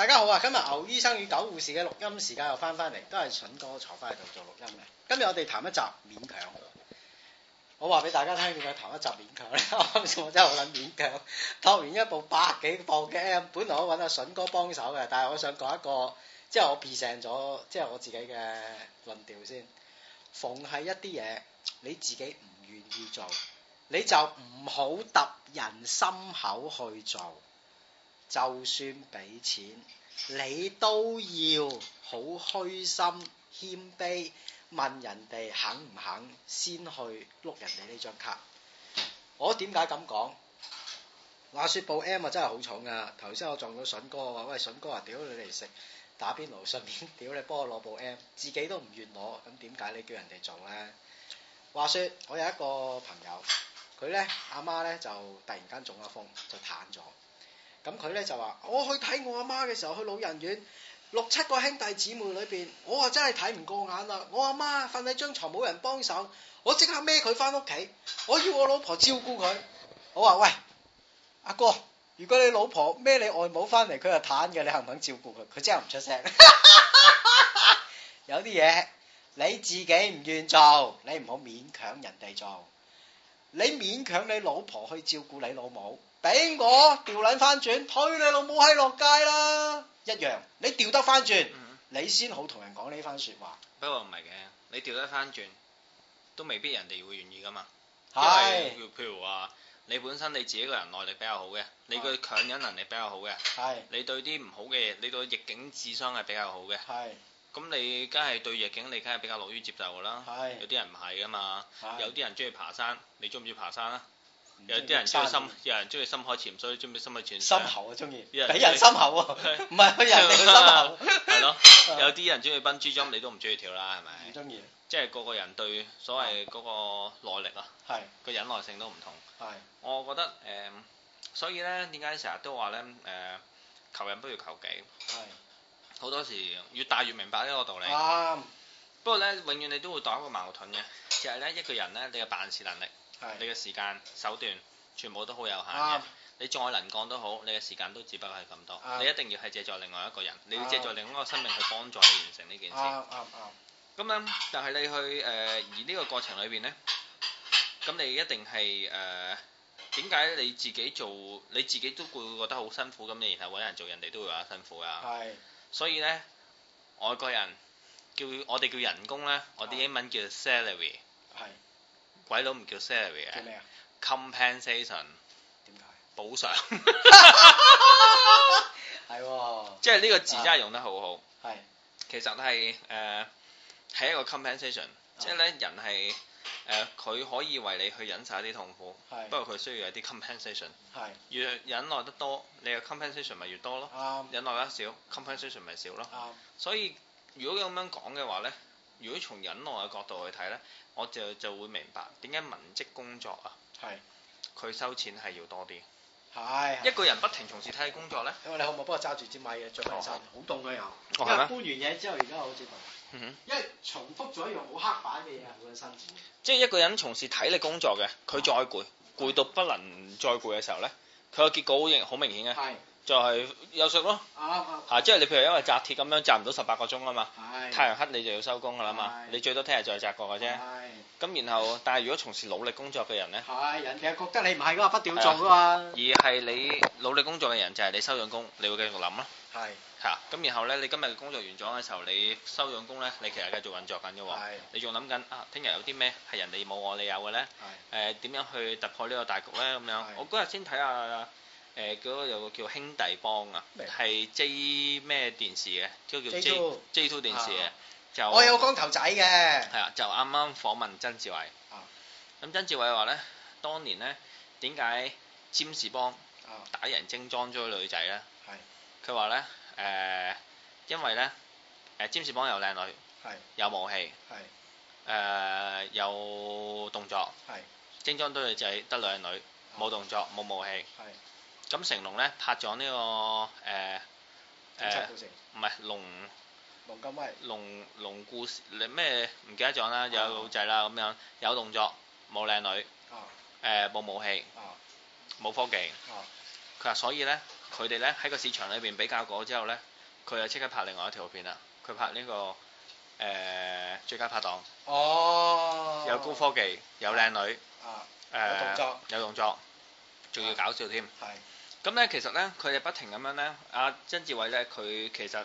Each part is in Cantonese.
大家好啊！今日牛醫生與狗護士嘅錄音時間又翻翻嚟，都係筍哥坐翻喺度做錄音嘅。今日我哋談一,一集勉強，我話俾大家聽，點解談一集勉強咧，我諗住我真係好撚勉強。托完一部百幾磅嘅 M，本來我搵阿筍哥幫手嘅，但係我想講一個，即係我變性咗，即係我自己嘅論調先。逢係一啲嘢，你自己唔願意做，你就唔好揼人心口去做。就算俾錢，你都要好虛心謙卑問人哋肯唔肯先去碌人哋呢張卡。我點解咁講？話説部 M 啊真係好重噶啊。頭先我撞到筍哥話，喂，筍哥啊，屌你嚟食打邊爐，順便屌你幫我攞部 M，自己都唔願攞，咁點解你叫人哋做呢？話説我有一個朋友，佢呢阿媽呢，就突然間中咗風，就癱咗。咁佢咧就話，我去睇我阿媽嘅時候去老人院，六七個兄弟姊妹裏邊，我話真係睇唔過眼啦！我阿媽瞓喺張床冇人幫手，我即刻孭佢翻屋企，我要我老婆照顧佢。我話喂，阿哥，如果你老婆孭你外母翻嚟，佢就癱嘅，你肯唔肯照顧佢？佢真係唔出聲。 有啲嘢你自己唔願意做，你唔好勉強人哋做。你勉強你老婆去照顧你老母。俾我調捻翻轉，推你老母閪落街啦！一樣，你調得翻轉，嗯、你先好同人講呢番説話。不過唔係嘅，你調得翻轉，都未必人哋會願意噶嘛。因為譬是如話，你本身你自己個人耐力比較好嘅，你個強忍能力比較好嘅是，你對啲唔好嘅嘢，你對逆境智商係比較好嘅。咁是你梗係對逆境，你梗係比較樂於接受噶啦。是有啲人唔係噶嘛，是有啲人中意爬山，你中唔中意爬山啊？有啲人中意深，有人中意深海潛，水，所以中意深海潛。深喉啊，中意俾人心口，啊，唔係佢人哋佢心口。係咯，有啲人中意笨豬跳你都唔中意跳啦，係咪？唔中意。即係個個人對所謂嗰個耐力咯，係個忍耐性都唔同。係，我覺得誒，所以咧點解成日都話咧誒，求人不如求己。係，好多時越大越明白呢個道理。啱，不過咧，永遠你都會當一個矛盾嘅，就係咧一個人咧，你嘅辦事能力。你嘅時間、手段，全部都好有限嘅。啊、你再能幹都好，你嘅時間都只不過係咁多。啊、你一定要係借助另外一個人，你要借助另外一個生命去幫助你完成呢件事。咁樣、啊啊啊，但係你去誒、呃、而呢個過程裏邊呢，咁你一定係誒點解你自己做你自己都會覺得好辛苦？咁你然後揾人做，人哋都會話辛苦㗎、啊。是所以呢，外國人叫我哋叫人工呢，啊、我啲英文叫做 salary。係。鬼佬唔叫 salary 啊，叫咩啊？compensation 點解？補償係喎，即係呢個字真係用得好好。係，其實係誒係一個 compensation，即係咧人係誒佢可以為你去忍受一啲痛苦，不過佢需要有啲 compensation。係，越忍耐得多，你嘅 compensation 咪越多咯。忍耐得少，compensation 咪少咯。所以如果咁樣講嘅話咧。如果從忍耐嘅角度去睇咧，我就就會明白點解文職工作啊，佢是收錢係要多啲。係。一個人不停從事體力工作咧，你為你可唔可以幫我揸住支米啊？嘅，著好凍嘅又，哦、因為搬完嘢之後而家好似……因為、嗯、哼重複咗一樣好刻板嘅嘢，好辛苦。即係一個人從事體力工作嘅，佢再攰，攰、啊、到不能再攰嘅時候咧，佢嘅結果好好明顯嘅。係。就係休息咯，嚇，即係你譬如因為紮鐵咁樣紮唔到十八個鐘啊嘛，太陽黑你就要收工噶啦嘛，你最多聽日再紮過嘅啫。咁然後，但係如果從事努力工作嘅人呢，係人哋覺得你唔係嘅話，不掉做噶嘛。而係你努力工作嘅人就係你收咗工，你會繼續諗咯。係，嚇，咁然後呢，你今日嘅工作完咗嘅時候，你收咗工呢，你其實繼續運作緊嘅喎。你仲諗緊啊？聽日有啲咩係人哋冇我你有嘅呢？係，誒點樣去突破呢個大局呢？咁樣，我嗰日先睇下。誒，嗰有個叫兄弟幫啊，係 J 咩電視嘅，叫叫 J two 電視啊，就我有個光頭仔嘅，係啊，就啱啱訪問曾志偉，啊，咁曾志偉話咧，當年咧點解占士幫打人精裝追女仔咧？係，佢話咧，誒，因為咧，誒占士幫有靚女，係，有武器，係，誒有動作，係，精裝追女仔得靚女，冇動作冇武器，係。咁成龍咧拍咗呢個誒，警察故事唔係龍，龍咁威，龍龍故事你咩唔記得咗啦？有老仔啦咁樣，有動作冇靚女，誒冇武器，冇科技。佢話所以咧，佢哋咧喺個市場裏邊比較過之後咧，佢就即刻拍另外一條片啦。佢拍呢個誒最佳拍檔，有高科技，有靚女，誒有動作，仲要搞笑添。咁咧，其實咧，佢哋不停咁樣咧。阿、啊、曾志偉咧，佢其實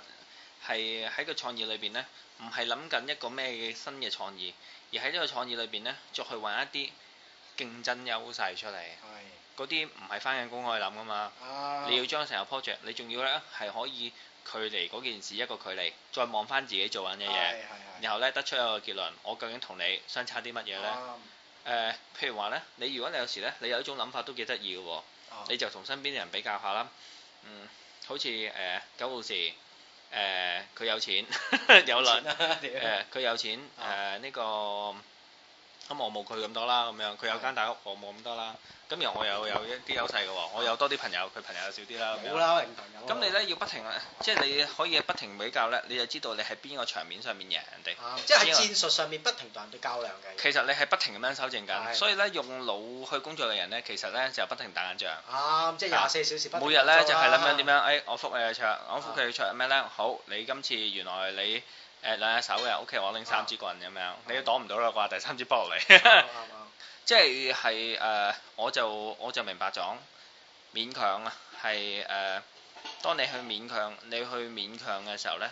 係喺個創意裏邊咧，唔係諗緊一個咩嘅新嘅創意，而喺呢個創意裏邊咧，再去搵一啲競爭優勢出嚟。嗰啲唔係翻緊工可以諗㗎嘛。啊、你要將成個 project，你仲要咧係可以距離嗰件事一個距離，再望翻自己做緊嘅嘢。然後咧得出一個結論，我究竟同你相差啲乜嘢咧？譬如話咧，你如果你有時咧，你有一種諗法都幾得意嘅喎。你就同身邊嘅人比較下啦，嗯，好似誒、呃、九號時誒，佢、呃、有錢 有卵論，誒、啊，佢、啊呃、有錢誒，呢、哦呃這個。咁我冇佢咁多啦，咁樣佢有間大屋，我冇咁多啦。咁又我又有一啲優勢嘅喎，我有多啲朋友，佢朋友少啲啦。冇啦，咁你呢要不停，即係你可以不停比較呢，你就知道你喺邊個場面上面贏人哋。啱，即係喺戰術上面不停同人哋較量嘅。其實你係不停咁樣修正緊，所以呢，用腦去工作嘅人呢，其實呢就不停打緊仗。即係廿四小時不停每日呢，就係諗緊點樣，哎，我覆你嘅桌，我覆佢嘅桌係咩呢，好，你今次原來你。誒兩隻手嘅，O K，我拎三支棍咁樣，你都擋唔到啦啩？第三支波落嚟，即係係誒，我就我就明白咗，勉強啊，係誒，當你去勉強，你去勉強嘅時候咧，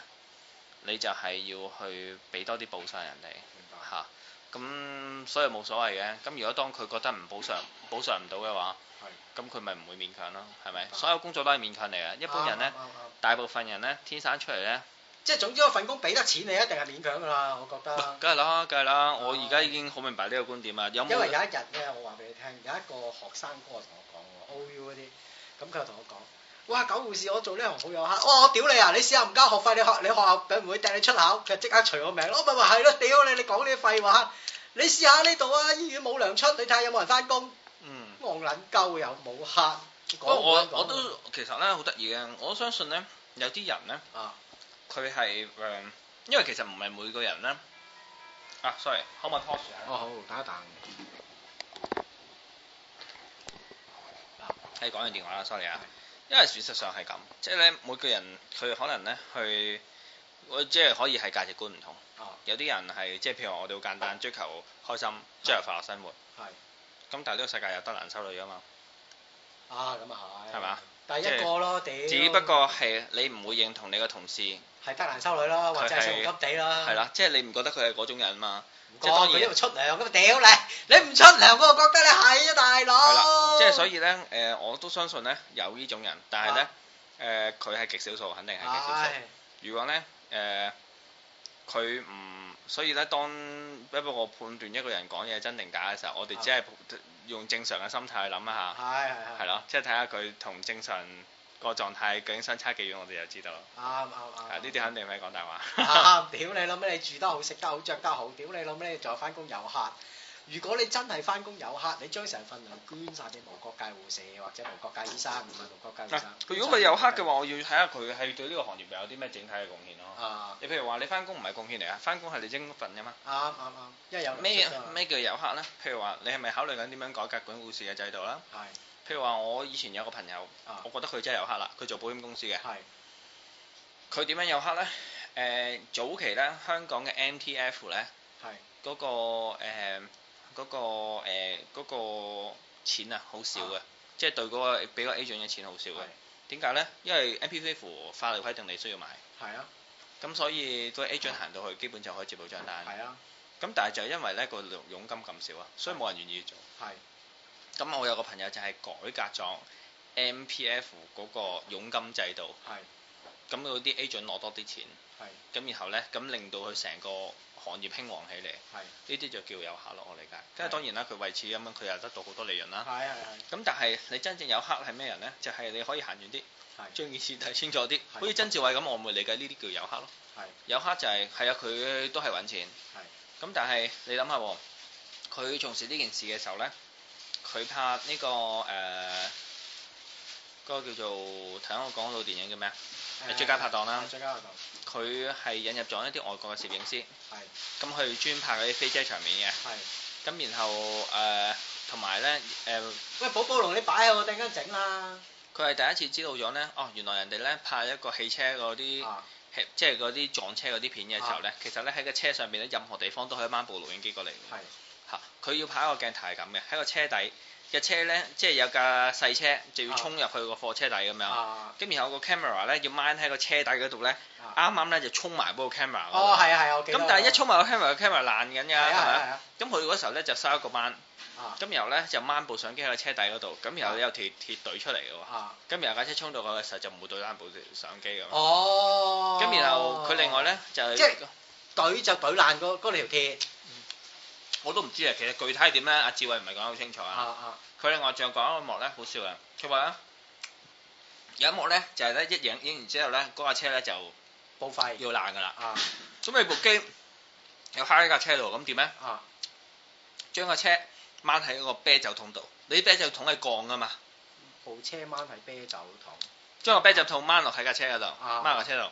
你就係要去俾多啲補償人哋嚇，咁所以冇所謂嘅，咁如果當佢覺得唔補償，補償唔到嘅話，咁佢咪唔會勉強咯，係咪？所有工作都係勉強嚟嘅，一般人咧，大部分人咧，天生出嚟咧。即係總之，我份工俾得錢，你一定係勉強噶啦，我覺得。梗係啦，梗係啦，但 我而家已經好明白呢個觀點啊！有，有因為有一日咧，我話俾你聽，有一個學生哥同我講喎，O U 嗰啲，咁佢又同我講，哇，狗護士，我做呢行好有客，我、哦、我屌你啊！你試下唔交學費，你學你學校會唔會掟你出口。佢即刻除我名咯。咪咪係咯，屌你！你講啲廢話，你試下呢度啊！醫院冇糧出，你睇下有冇人翻工？嗯。戇卵鳩又冇客。我我，我都其實咧好得意嘅，我相信咧有啲人咧。啊。佢係誒，因為其實唔係每個人啦。啊，sorry，可唔可以拖住啊？好，打一打。你係講完電話啦，sorry 啊。是因為事實上係咁，即係咧每個人佢可能咧去，我即係可以係價值觀唔同。啊、有啲人係即係譬如我哋好簡單，追求開心，追求快樂生活。係。咁但係呢個世界有得難收女㗎嘛？啊，咁啊係。係嘛吧？第一個咯，第。只不過係你唔會認同你個同事。係得男收女咯，或者係窮急地咯，係啦，即係你唔覺得佢係嗰種人嘛？即當然佢因為出糧咁啊屌你，你唔出糧，我覺得你係啊大佬。係啦，即係所以咧，誒，我都相信咧有呢種人，但係咧，誒，佢係極少數，肯定係極少數。如果咧，誒，佢唔，所以咧，當不過我判斷一個人講嘢真定假嘅時候，我哋只係用正常嘅心態去諗一下，係係係，係咯，即係睇下佢同正常個狀態究竟相差幾遠，我哋就知道。啱啱啱。係呢啲肯定唔係講大話。屌、嗯 啊、你諗咩？你住得好，食得好，着得好，屌你諗咩？你仲有翻工有客。如果你真係翻工有客，你將成份糧捐晒俾無國界護士或者無國界醫生，唔係無國界醫生。佢如果佢有黑嘅話，我要睇下佢係對呢個行業有啲咩整體嘅貢獻咯。你譬如話你翻工唔係貢獻嚟啊，翻工係你應份㗎嘛。啱啱啱，因為有。咩咩叫有黑咧？譬如話你係咪考慮緊點樣改革管護士嘅制度啦？係、嗯。啊嗯嗯譬如話我以前有個朋友，我覺得佢真係有黑啦，佢做保險公司嘅，佢點是樣有黑呢？誒、呃，早期咧香港嘅 MPF 咧，嗰是、嗰個誒嗰、呃嗰個誒、呃嗰個錢啊，好是少嘅，即係對嗰個俾個 agent 嘅錢好少嘅。點解呢？因為 MPF 法律規定你需要買，係啊，咁所以個 agent 行到去，啊、基本就可以接到賬單，係啊，咁但係就係因為呢個佣金咁少啊，所以冇人願意做、啊，係、啊。咁我有個朋友就係改革咗 MPF 嗰個佣金制度，咁是有啲 agent 攞多啲錢，咁是然後咧咁令到佢成個行業興旺起嚟，呢啲就叫有客咯。我理解，即係當然啦，佢為此咁樣佢又得到好多利潤啦。咁但係你真正有客係咩人咧？就係你可以行遠啲，將件事睇清楚啲。好似曾志偉咁，我唔會理解呢啲叫有客咯。有客就係、是、係啊，佢都係揾錢。咁是但係你諗下，佢從事呢件事嘅時候咧？佢拍呢、這個誒，嗰、呃那個、叫做頭先我講嗰部電影叫咩啊？呃、最佳拍檔啦、啊，最佳拍檔。佢係引入咗一啲外國嘅攝影師，係是。咁佢專拍嗰啲飛車場面嘅，係是。咁然後誒，同埋咧誒，喂，呃、寶寶龍，你擺喺我陣間整啦。佢係第一次知道咗咧，哦，原來人哋咧拍一個汽車嗰啲，啊、即係嗰啲撞車嗰啲片嘅時候咧，啊、其實咧喺個車上邊咧，任何地方都可以掹部錄影機過嚟嘅。係。佢要拍一個鏡頭係咁嘅，喺個車底嘅車咧，即係有架細車就要衝入去個貨車底咁樣，咁然後個 camera 咧要掹喺個車底嗰度咧，啱啱咧就衝埋嗰個 camera。哦，係啊，係啊，我記得，咁但係一衝埋個，個 camera，個 camera 爛緊㗎，係啊，係啊。咁佢嗰時候咧就收一個班，咁然後咧就掹部相機喺個車底嗰度，咁然後有鐵鐵隊出嚟嘅喎，咁然後架車衝到佢嘅時候就唔會對爛部相機咁。哦。咁然後佢另外咧就即係隊就隊爛嗰嗰條鐵。我都唔知啊，其實具體係點咧？阿志偉唔係講得好清楚啊。佢、啊、另外仲講一幕咧，好笑啊！佢話有一幕咧就係、是、咧一影影完之後咧，嗰架車咧就報廢要爛噶啦。咁你、啊、部機又喺架車度，咁點咧？將架、啊、車掹喺嗰個啤酒桶度，你啲啤酒桶係降噶嘛？部車掹喺啤酒桶。將個啤酒桶掹落喺架車度，掹、啊、架車度。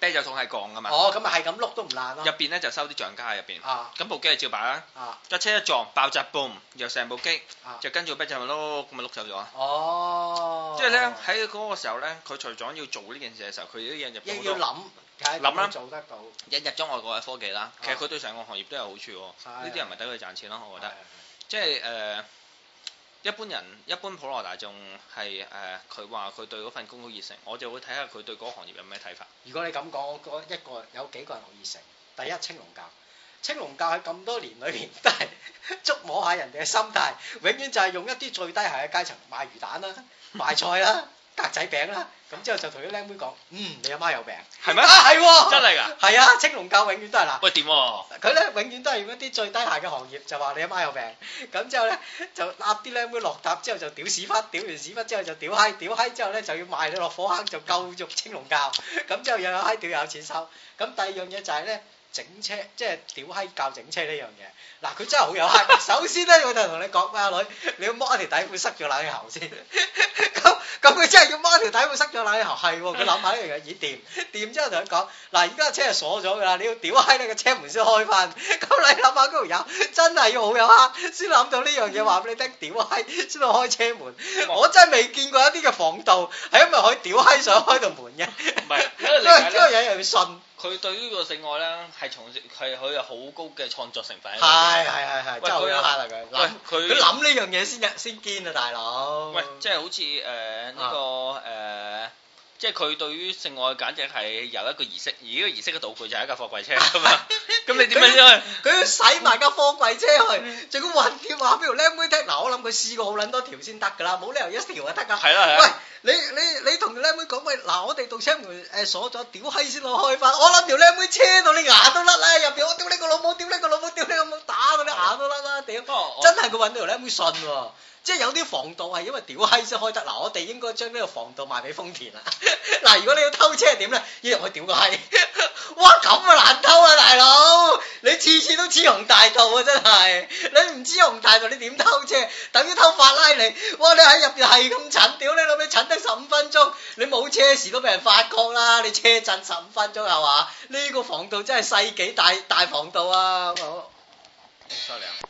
啤酒桶係鋼噶嘛？哦，咁啊係咁碌都唔爛咯。入邊咧就收啲橡膠喺入邊。啊。咁部機係照擺啦。啊。架車一撞，爆炸 boom，又成部機就跟住個啤酒咪咯，咁咪碌走咗啊。哦。即係咧喺嗰個時候咧，佢除咗要做呢件事嘅時候，佢啲嘢，要諗，諗啦做得到。引入咗外國嘅科技啦，其實佢對成個行業都有好處。係。呢啲人咪等佢賺錢咯，我覺得。係係。即係誒。一般人，一般普羅大眾係誒，佢話佢對嗰份工好熱誠，我就會睇下佢對嗰行業有咩睇法。如果你咁講，嗰一個有幾個人好熱誠？第一，青龍教，青龍教喺咁多年裏邊都係觸摸下人哋嘅心態，但永遠就係用一啲最低下嘅階層賣魚蛋啦、啊，賣菜啦、啊。 格仔餅啦，咁之後就同啲僆妹講：嗯，你阿媽有病，係咪嗎啊？係、哦，真係㗎，係啊！青龍教永遠都係嗱，喂點？佢咧、啊、永遠都係用一啲最低下嘅行業，就話你阿媽有病。咁之後咧就揦啲僆妹落搭，之後就屌屎忽，屌完屎忽之後就屌閪，屌閪之後咧就要賣你落火坑，就救足青龍教。咁之後又有閪屌，又有錢收。咁第二樣嘢就係咧。整車即係屌閪教整車呢樣嘢，嗱，佢真係好有黑。首先咧，我就同你講，阿女你要剝一條底褲塞咗冷氣喉先。咁咁佢真係要剝一條底褲塞咗冷氣喉，係喎。佢諗下呢樣嘢，咦掂？掂之後同佢講，嗱，而家個車係鎖咗㗎啦，你要屌閪你個車門先開翻。咁你諗下嗰條友，真係要好有黑。先諗到呢樣嘢話俾你聽，屌閪先到開車門。嗯、我真係未見過一啲嘅防盜係因為可以屌閪想開到門嘅。唔係， 因為呢 個嘢又要信。佢對於呢個性愛咧係從事，佢有好高嘅創作成分。係係係係。喂，佢佢諗呢樣嘢先先堅啊，大佬。喂，即係好似誒呢個誒、呃，即係佢對於性愛簡直係由一個儀式，而呢個儀式嘅道具就係一架貨櫃車啊嘛。 咁你點樣啫？佢要，要，要洗埋架貨櫃車去，仲要揾電話俾條僆妹聽。嗱，我諗佢試過好撚多條先得㗎啦，冇理由一條就得㗎。係啦係。喂，你你你同僆妹講喂，嗱，我哋到車門誒鎖咗，屌閪先攞開翻。我諗條僆妹車到你牙都甩啦，入邊我屌你個老母，屌你個老母，屌你個老，老母，打到你牙都甩啦屌！ 真係佢揾到條僆妹信喎，即係有啲防盜係因為屌閪先開得。嗱，我哋應該將呢個防盜賣俾豐田啦。嗱， 如果你要偷車點咧，一樣去屌個閪。 哇，咁啊難偷啊大佬！你次次都雌雄大盜啊，真係！你唔雌雄大盜，你點偷車？等於偷法拉利。哇！你喺入邊係咁震，屌你老味！震得十五分鐘，你冇車時都俾人發覺啦。你車震十五分鐘係嘛？呢個防盜真係世紀大大防盜啊！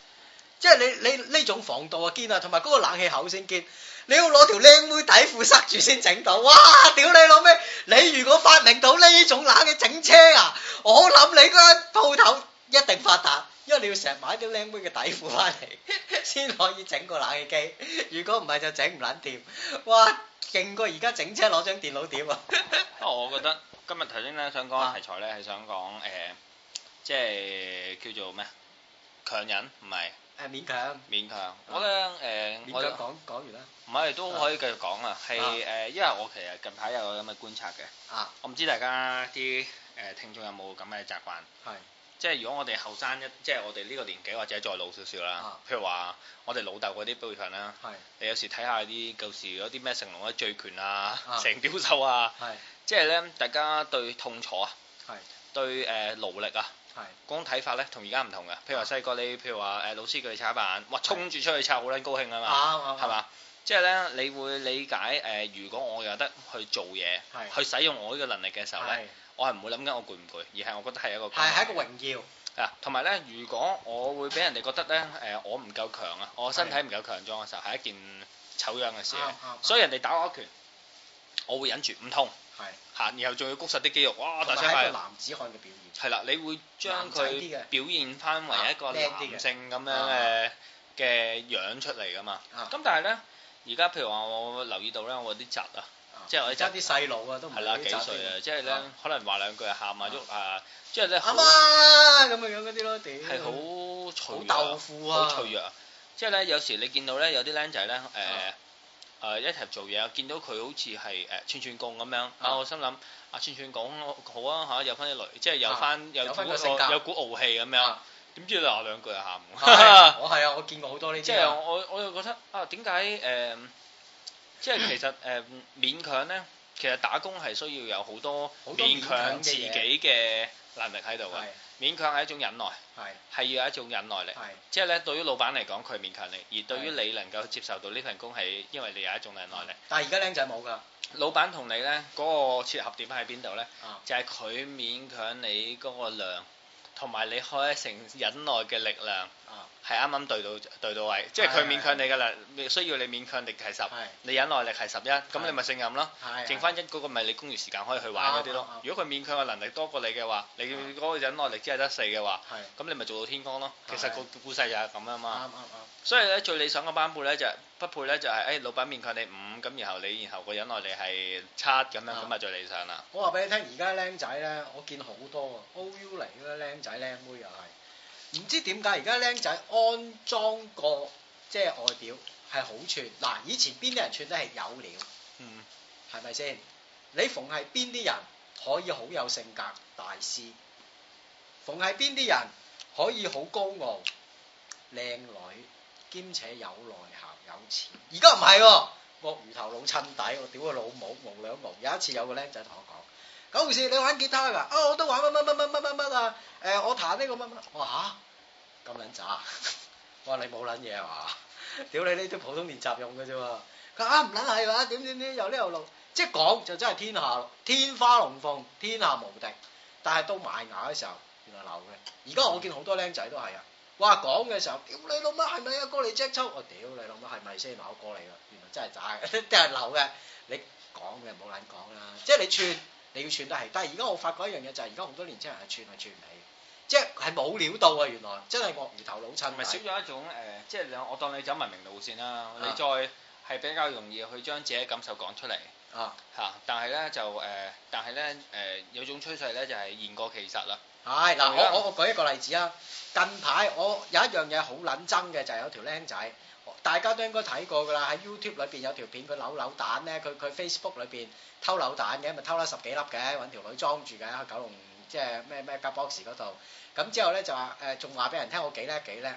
即係你你呢種防盜啊，堅啊，同埋嗰個冷氣口先堅，你要攞條靚妹底褲塞住先整到，哇！屌你老味，你如果發明到呢種冷嘅整車啊，我諗你嗰間鋪頭一定發達，因為你要成日買啲靚妹嘅底褲翻嚟， 先可以整個冷氣機。如果唔係就整唔捻掂，哇！勁過而家整車攞張電腦墊啊， 啊！我覺得今日頭先咧想講嘅題材咧係想講誒、呃，即係叫做咩啊？強人唔係。誒，勉強，勉強，我咧誒，勉強講講完啦，唔係都可以繼續講啊，係誒，因為我其實近排有咁嘅觀察嘅，啊，我唔知大家啲誒聽眾有冇咁嘅習慣，係，即係如果我哋後生一，即係我哋呢個年紀或者再老少少啦，譬如話我哋老豆嗰啲輩份啦，係，你有時睇下啲舊時嗰啲咩成龍啊醉拳、啊成雕手啊，係，即係咧大家對痛楚啊，係，對誒勞力啊。係講睇法咧，同而家唔同嘅。譬如話細個你，譬如話誒老師叫你擦板，哇衝住出去擦好撚高興啊嘛，係嘛？即係咧你會理解誒，如果我有得去做嘢，去使用我呢個能力嘅時候咧，我係唔會諗緊我攰唔攰，而係我覺得係一個係一個榮耀。啊，同埋咧，如果我會俾人哋覺得咧誒我唔夠強啊，我身體唔夠強壯嘅時候，係一件醜樣嘅事。所以人哋打我一拳，我會忍住唔痛。係，嚇！然後仲要谷實啲肌肉，哇！但係係一個男子漢嘅表現。係啦，你會將佢表現翻為一個男性咁樣誒嘅樣出嚟噶嘛？咁但係咧，而家譬如話我留意到咧，我啲侄啊，即係我啲侄，啲細路啊都唔係幾歲啊，即係咧可能話兩句就喊啊喐啊，即係咧喊媽咁嘅樣嗰啲咯，係好好豆腐啊，好脆弱啊！即係咧有時你見到咧有啲僆仔咧誒。誒、呃、一齊做嘢，見到佢好似係誒串串貢咁樣，我心諗阿串串貢好啊嚇、啊，有翻啲雷，即係有翻有股性格，有股傲氣咁樣。點、啊、知你話兩句就喊、 啊，我係啊！我見過好多呢啲、啊呃，即係我我就覺得啊，點解誒？即係其實誒、 呃、勉強咧，其實打工係需要有好多，多勉強自己嘅能力喺度嘅。勉強係一種忍耐，係係要有一種忍耐力，是即係咧，對於老闆嚟講，佢勉強你，而對於你能夠接受到呢份工，係因為你有一種忍耐力。但係而家靚仔冇㗎。老闆同你咧嗰、嗰個切合點喺邊度咧？啊、就係佢勉強你嗰個量，同埋你開一成忍耐嘅力量。啊，係啱啱對到對到位，即係佢勉強你噶啦，需要你勉強力係十，你忍耐力係十一，咁你咪勝任咯，剩翻一嗰個咪你工餘時間可以去玩嗰啲咯。如果佢勉強嘅能力多過你嘅話，你嗰個忍耐力只係得四嘅話，咁你咪做到天光咯。其實個故事就係咁啊嘛。所以咧，最理想嘅班配咧就匹配咧就係，誒，老闆勉強你五，咁然後你然後個忍耐力係七咁樣，咁咪最理想啦。我話俾你聽，而家僆仔咧，我見好多啊，O U 嚟嘅僆仔僆妹又係。唔知點解而家僆仔安裝個即係外表係好串，嗱，以前邊啲人串得係有料，嗯，係咪先？你逢係邊啲人可以好有性格大師，逢係邊啲人可以好高傲，靚女兼且有內涵、有錢，而家唔係，鱷魚頭老襯底，我屌佢老母無兩毛。有一次有個僆仔同我講。九時你玩吉他噶？哦，我都玩乜乜乜乜乜乜乜啊！誒，我彈呢個乜乜，哇咁捻渣，我話你冇捻嘢係嘛？屌你呢啲普通練習用嘅啫嘛！佢話啊唔捻係嘛？點點點又呢條路，即係講就真係天下，天花龍鳳，天下無敵。但係到埋牙嘅時候，原來流嘅。而家我見好多僆仔都係啊！哇，講嘅時候，屌你老母係咪啊？過嚟接秋！嗯、我屌你老母係咪先？唔係我過嚟噶，原來真係渣，定係流嘅。你講嘅冇捻講啦，即係你串。你要串都係，但係而家我發覺一樣嘢就係而家好多年輕人係串係串唔起，即係係冇料到啊！原來真係鱷魚頭老襯，咪是少咗一種誒，即係兩我當你走文明路線啦，啊、你再係比較容易去將自己嘅感受講出嚟嚇、啊啊。但係咧就誒、呃，但係咧誒有種趨勢咧就係言過其實啦。係嗱、啊以，我我我舉一個例子啊，近排我有一樣嘢好撚憎嘅就係、是、有條僆仔。大家都應該睇過㗎啦，喺 YouTube 裏邊有條片佢扭扭蛋咧，佢佢 Facebook 裏邊偷扭蛋嘅，咪偷咗十幾粒嘅，揾條女裝住嘅，去九龍即係咩咩格博士嗰度。咁之後咧就話誒，仲話俾人聽我幾叻幾叻，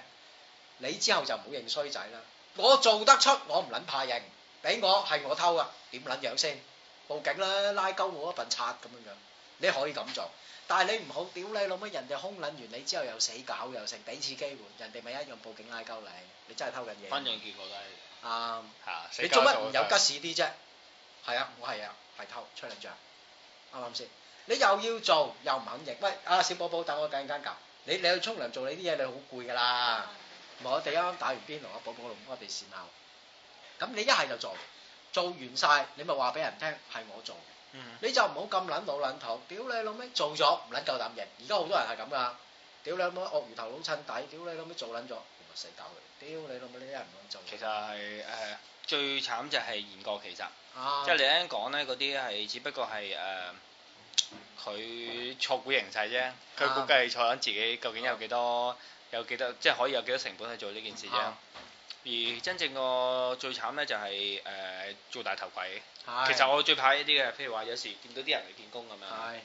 你之後就唔好認衰仔啦。我做得出，我唔撚怕認，俾我係我偷噶，點撚樣先？報警啦，拉鳩我一份賊咁樣樣。你可以咁做，但係你唔好屌你老母，人哋空撚完你之後又死搞，又成第二次機會，人哋咪一樣報警拉鳩你。你真係偷緊嘢。反正結果都係啱。嚇、um,！死做。你做乜唔有吉事啲啫？係啊，我係啊，係、啊、偷出嚟做。啱啱先？你又要做又唔肯認，喂啊！小寶寶等我揀間搞。你你去沖涼做你啲嘢，你好攰㗎啦。啊、我哋啱啱打完邊爐，我寶寶和我哋善後，咁你一係就做，做完晒，你咪話俾人聽係我做。你就唔好咁撚老撚頭，屌你老味，做咗唔撚夠膽贏，而家好多人係咁噶，屌你老味鱷魚頭佬襯底，屌你老味做撚咗，死搞佢，屌你老味呢啲人，人做。其實係誒、呃、最慘就係言過其實，即係、啊、你一講咧，嗰啲係只不過係誒佢錯估形勢啫，佢估計錯撚自己究竟有幾多有幾多，即係、就是、可以有幾多成本去做呢件事啫。啊而真正個最慘咧就係誒做大頭鬼，其實我最怕呢啲嘅。譬如話有時見到啲人嚟見工咁樣，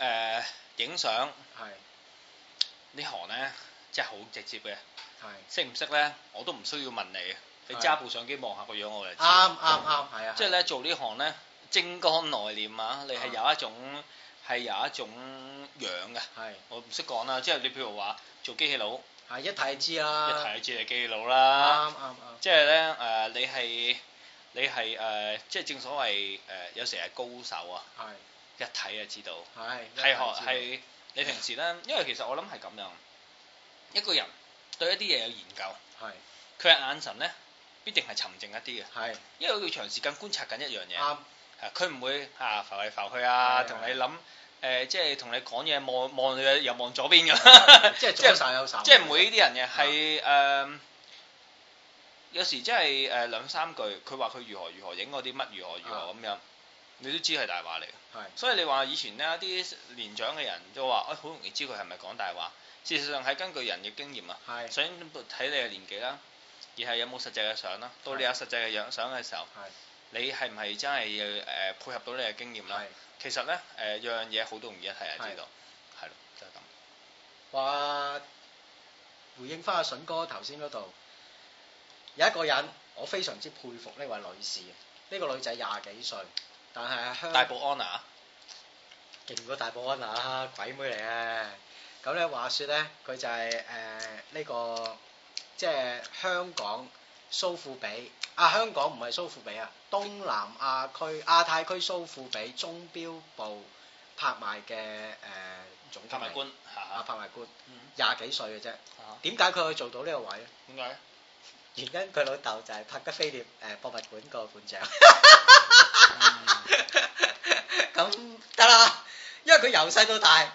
誒影相，呢行咧真係好直接嘅，識唔識咧我都唔需要問你，你揸部相機望下個樣我就知。啱啱啱，係啊！即係咧做呢行咧精光內斂啊，你係有一種係有一種樣嘅，我唔識講啦。即係你譬如話做機器佬。啊！一睇就知啦，一睇就知你記錄啦，啱啱啱，即係咧，誒，你係你係誒，即係正所謂誒，有時係高手啊，係一睇就知道，係睇學係你平時咧，因為其實我諗係咁樣，一個人對一啲嘢，有研究，係佢嘅眼神咧，必定係沉靜一啲嘅，係因為佢要長時間觀察緊一樣嘢。啱，佢唔會啊浮嚟，浮去啊，同你諗。誒、呃，即係同你講嘢，望望你又望左邊㗎， 即係即係散有散，即係每啲人嘅係誒，有時即係誒兩三句，佢話佢如何如何影嗰啲乜如何如何咁，啊，樣，你都知係大話嚟。係是，所以你話以前呢有啲年長嘅人都話，哎，好容易知佢係咪講大話。事實上係根據人嘅經驗啊，想睇你嘅年紀啦，而係有冇實際嘅相啦。到你有實際嘅樣相嘅時候。你係唔係真係誒、呃、配合到你嘅經驗啦？是其實咧誒、呃、樣嘢好都容易一係是知道，係咯，就係、是、咁。哇！回應翻阿筍哥頭先嗰度，有一個人我非常之佩服呢位女士，呢、這個女仔廿幾歲，但係啊香港大保安啊，勁過大保安娜啊，鬼妹嚟啊！咁咧話說咧，佢就係誒呢個即係香港。蘇富比啊，香港唔係蘇富比啊，東南亞區、亞太區蘇富比鐘錶部拍賣嘅誒總拍賣官啊，啊，啊，拍賣官廿幾歲嘅啫，點解佢可以做到呢個位咧？點解、啊？啊、原因佢老豆就係百達翡麗誒博物館個館長，咁得啦， 嗯、 因為佢由細到大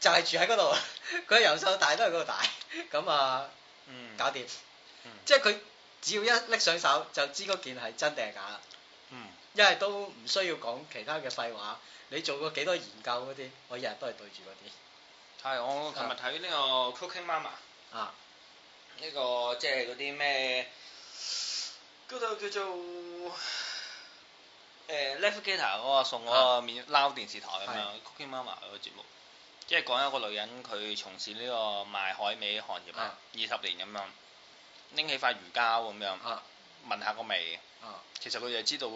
就係、是、住喺嗰度，佢由細到大都喺嗰度大，咁啊，嗯，搞掂，即係佢。只要一拎上手就知嗰件係真定係假啦。嗯。因為都唔需要講其他嘅廢話。你做過幾多研究嗰啲，我日日都係對住嗰啲。係，我琴日睇呢個 Cooking Mama 啊、呢個。啊。呢個即係嗰啲咩？度叫做。誒，Lefty Cater 嗰個送我個免、啊、撈電視台咁樣、啊、的 Cooking Mama 個節目，即係講一個女人佢從事呢個賣海味行業二十、啊、年咁樣。拎起塊魚膠咁樣，啊、聞下個味，啊、其實佢就知道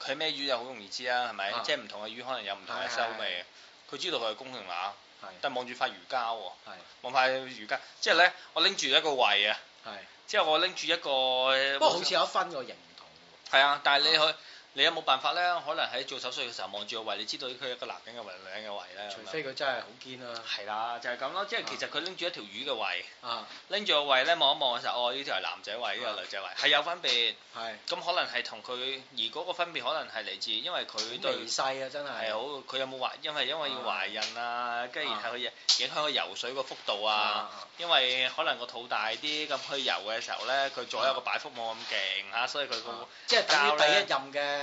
佢咩魚就好容易知啦，係咪？啊、即係唔同嘅魚可能有唔同嘅腥味，佢知道佢係公定乸，是但望住塊魚膠，望塊是魚膠，即係咧，我拎住一個胃啊，即係是我拎住一個，不過好似有分個形唔同，係、嗯、啊，但係你去。你有冇辦法咧？可能喺做手術嘅時候望住個胃，你知道佢係一個男人嘅胃、女人嘅胃咧？除非佢真係好堅啊！係啦，就係咁咯。即係其實佢拎住一條魚嘅胃，拎住個胃咧望一望嘅時候，哦，呢條係男仔胃，呢個女仔胃係有分別。係。咁可能係同佢而嗰個分別可能係嚟自因為佢肥細啊，真係係好。佢有冇懷？因為因為要懷孕啊，跟住然後佢影響佢游水個幅度啊。因為可能個肚大啲，咁佢游嘅時候咧，佢左右個擺幅冇咁勁嚇，所以佢個即係等於第一任嘅。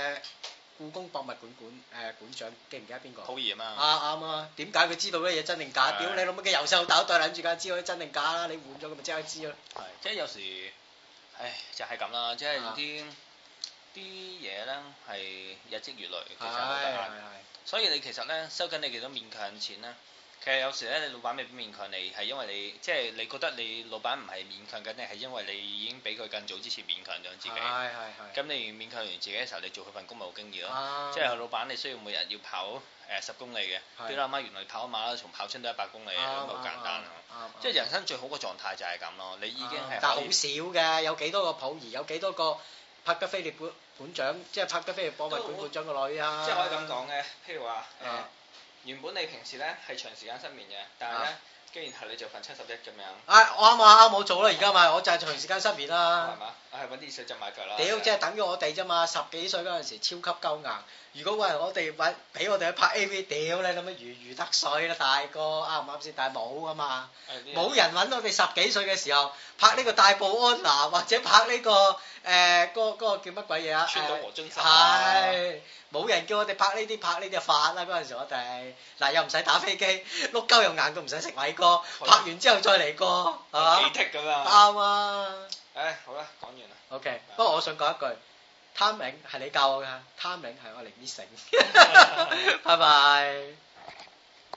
誒，故宮博物館館誒館長，記唔記得邊個？溥儀啊嘛，啱啱啊。點解佢知道乜嘢真定假？屌是的 你老母嘅油手，攪袋諗住梗係知嗰啲真定假啦！你換咗，佢咪即刻知咯。係，即係有時，唉，就係咁啦。即係有啲啲嘢咧，係是的 日積月累，其實都係。所以你其實咧，收緊你幾多勉強錢咧？其實有時咧，你老闆未必勉強你，係因為你即係你覺得你老闆唔係勉強緊你，係因為你已經比佢更早之前勉強咗自己。係係係。咁你勉強完自己嘅時候，你做佢份工咪好經意咯。啊。即係老闆，你需要每日要跑誒十、呃、公里嘅，屌阿的媽，媽原來跑一馬路從跑親都一百公里咁、啊、簡單咯。啱、啊啊啊、即係人生最好嘅狀態就係咁咯，你已經係、啊。但好少嘅，有幾多個普爾，有幾多個帕吉菲利，本，長菲利本本長，即係帕吉菲利波維本本長嘅女啊。即係可以咁講嘅，譬如話誒。嗯 uh, uh, 原本你平時咧係長時間失眠嘅，但係咧。啊既然係你做份七十一咁樣，啊我啱啱啱冇做啦，而家咪我就係長時間失眠啦。係嘛，我係搵啲水浸埋腳啦。屌，即係等於我哋啫嘛，十幾歲嗰陣時超級鳩硬。如果話我哋搵俾我哋去拍 A V，屌你諗乜如魚得水啦，大哥啱唔啱先？但係冇噶嘛，冇人搵我哋十幾歲嘅時候拍呢個大保安娜，或者拍呢個誒嗰嗰個叫乜鬼嘢啊？穿到我樽身係，冇人叫我哋拍呢啲拍呢啲嘅法啦。嗰陣時我哋嗱又唔使打飛機，碌鳩又硬到唔使食米。個拍完之後再嚟過，係嘛？啱啊！唉，好啦，講完啦。OK，唉不過我想講一句，Timing 係你教我㗎，Timing 係我嚟啲醒。拜拜。